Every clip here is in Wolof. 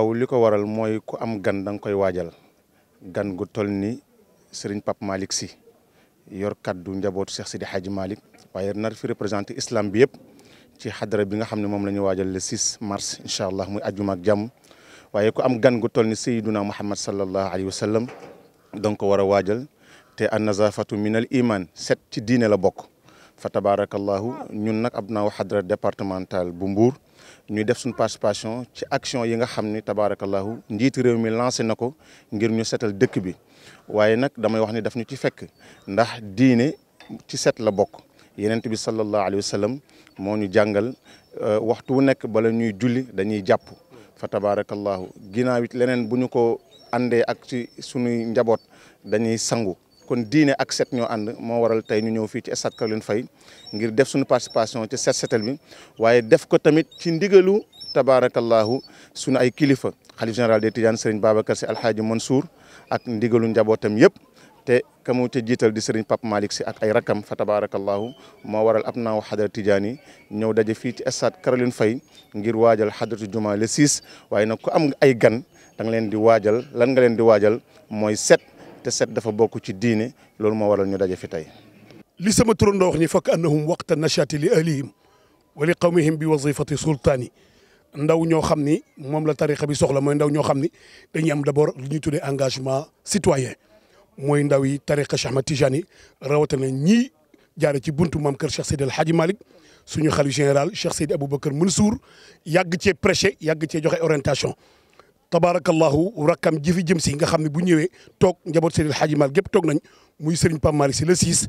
waaw li ko waral mooy ku am gan da koy waajal gan gu toll ni sëriñ Pape Malick si yor kaddu njabootu si Sidi Hadji Malick waaye nar fi représenté islam bi yëpp ci xadara bi nga xam ne moom la ñu waajal le 6 mars incha allah muy ajumak ak waaye ko am gan gu toll ni sayyiduna Muhammad sallallahu alayhi wa sallam da ko war a waajal te an nazafatu min al iman set ci diine la bokk fa tabarakallahu ñun nag ab naaw xadra départemental bu Mbour ñuy def suñu participation ci action yi nga xam ni tabarakallahu njiitu réew mi lancé na ko ngir ñu setal dëkk bi waaye nag damay wax ni daf ñu ci fekk ndax diine ci set la bokk yenent bi sallallahu alayhi wa sallam moo ñu jàngal euh, waxtu wu nekk bala ñuy julli dañuy jàpp fa tabarakallahu ginnaaw it leneen bu ñu ko àndee ak ci suñuy njaboot dañuy sangu kon diine ak set ñoo ànd moo waral tey ñu ñëw fii ci stade Caroline Faye ngir def suñu participation ci set setal bi waaye def ko tamit ci ndigalu tabaarakallahu suñu ay kilifa xalif général des Tidianes Serigne Babacar Sy Alhaaji Mansour ak ndigalu njabootam yëpp te ka mu jiital di Serigne Pape Malick Sy ak ay rakam fa tabaarakallahu moo waral ab naaw xadara Tidiane yi ñëw daje fii ci stade Caroline fay ngir waajal xadaratu juma le 6 waaye nag ku am ay gan da nga leen di waajal lan nga leen di waajal mooy set te set dafa bokk ci diine loolu moo waral ñu daje fi tey li sama turandoo wax ni fakk annahum waqta nachaati li ahlihim wa li qawmihim bi wazifati sultaani ndaw ño xamni mom la tarixa bi soxla moy ndaw ño xamni ni dañuy am d'abord ñu tuddé engagement citoyen moy ndaw yi tarixa Cheikh Ahmed Tijani na ñi jaare ci buntu mam keur Cheikh Seydi El Hadji malik suñu xalifa général Cheikh Seydi bakkar Mansour yag ci prêcher yag ci joxe orientation tabaarakallahu rakkam jifi jëm si nga xam ne bu ñëwee toog njaboot seen Hadji Mal gépp toog nañ muy Serigne Pape Malick Sy le siis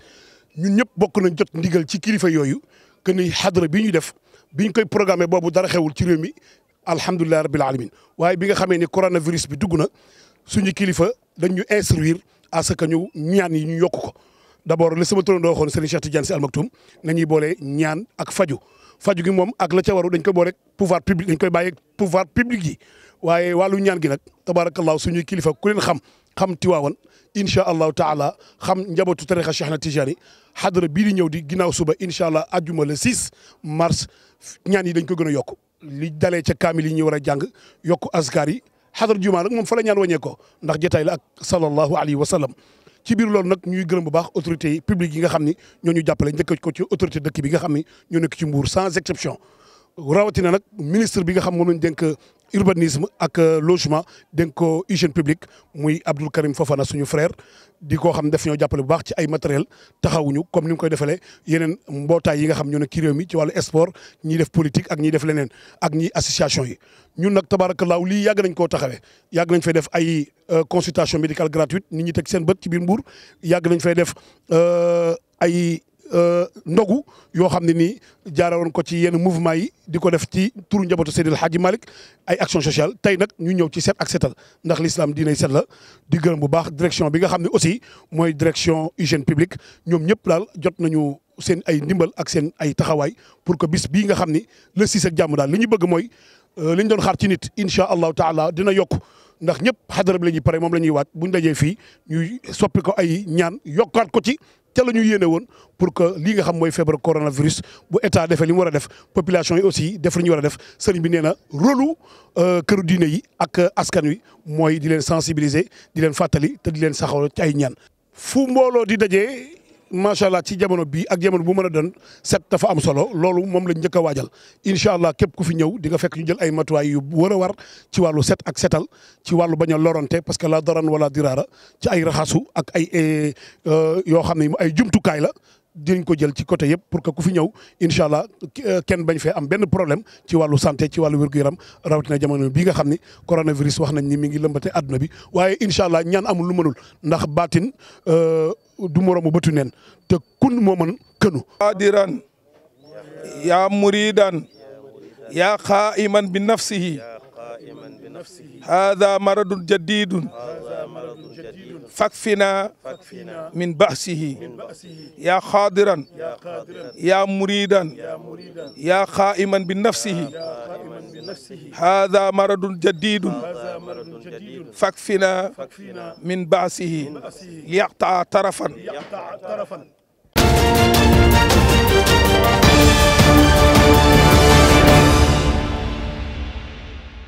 ñun ñëpp bokk nañ jot ndigal ci kilifa yooyu que ni xadra bi ñu def bi ñu koy programmé boobu dara xewul ci réew mi alhamdulilah rabbil alamin waaye bi nga xamee ni coronavirus bi dugg na suñu kilifa dañu ñu instruire à ce que ñu ñaan yi ñu yokk ko. d'abord li sama do xone Serigne Cheikh Tidiane ci Al Maktoum nañuy bolé ñaan ak faju faju gi mom ak la ca waru dañ koy boole pouvoir public dañ koy baye pouvoir public gi waye walu ñaan gi nag tabarakallah suñu kilifa ku leen xam xam Tiwaawan insha allah taala xam njabotu tarixa Cheikh na Tidiane hadra bi di ñëw di ginaaw suba insha allah aljuma le 6 mars ñaan yi dañ ko gëna yok li dalé ci kamil yi ñuy wara jàng yok askar yi xadara jumaa nag moom fa la ñaan wàññee ko ndax jotaay la ak sallallahu alayhi wa sallam ci biir loolu nag ñuy les autorités publiques, publique yi nga ñoo ñu Nous ko sans exception rawatina nak ministre bi nga xam urbanisme ak euh, logement dénk ko hygiène publique muy Abdoul Karim Fofana suñu frère di ko xam def ñoo jàppale bu baax ci ay matériel taxawuñu comme ni mu koy defalee yeneen mbootaay yi nga xam ñoo ne ci réew mi ci wàllu sport ñiy def politique ak ñiy def leneen ak ñi association yi ñun nag tabaarakallaahu lii yàgg nañ koo taxawe yàgg nañ fay def ay euh, consultation médicale gratuite nit ñi teg seen bët ci mbuur Mbour yàgg nañ fay def euh, ay Euh, ndogu yo xamni ni nii ko ci yenn mouvement yi diko def ci Seydil Hadji Malik ay action sociale tay nak ñu ñew ci set ak setal ndax l'islam diinay set la di gërëm bu baax direction bi nga xamni aussi moy direction hygiène publique ñom ñepp daal jot nañu seen ay ndimbal ak seen ay taxaway pour que bis bi nga xamni le six ak jàmm daal li ñu bëgg moy euh, li doon xaar ci nit incha taala dina yok ndax ñepp xadara bi la ñuy pare moom la waat buñ dajé fi ñu soppi ko ay ñaan ko ci ca la ñu yéene woon pour que li nga xam moy fièvre coronavirus bu état défé li mu war def population yi aussi def ñu wara def sëriñ bi néna rôle euh këru diine yi ak askan wi moy di leen sensibiliser di leen fatali té di leen saxaw ci ay ñaan fu mbolo di dajee macha allah ci jamono bii ak jamono bu mën a doon set dafa am solo loolu moom lañ njëkka waajal incha allah képp ku fi ñëw di nga fekk ñu jël ay matuwaay yu war a war ci wàllu set ak setal ci wàllu bañ a parce que la doron wala diraara ci ay raxasu ak ay eh, euh, yoo xam ne ay jumtukaay la dinañ ko jël ci côté yëpp pour que ku fi ñëw incha allah euh, kenn bañ fee am benn problème ci wàllu santé ci wàllu wér-gu-yaram rawatina jamono bi nga xam ni coronavirus wax nañ ni mi ngi lëmbate àdduna bi waaye incha allah ñaan amul lu mënul ndax baatin euh, du moromu bëtu neen te kun moo mën kënu. qaadiran yaa muridan yaa xaaiman bi nafsihi هذا مرض جديد فاكفنا من بأسه يا خادرا يا مريدا يا خائما بنفسه هذا مرض جديد فاكفنا من بأسه ليقطع طرفا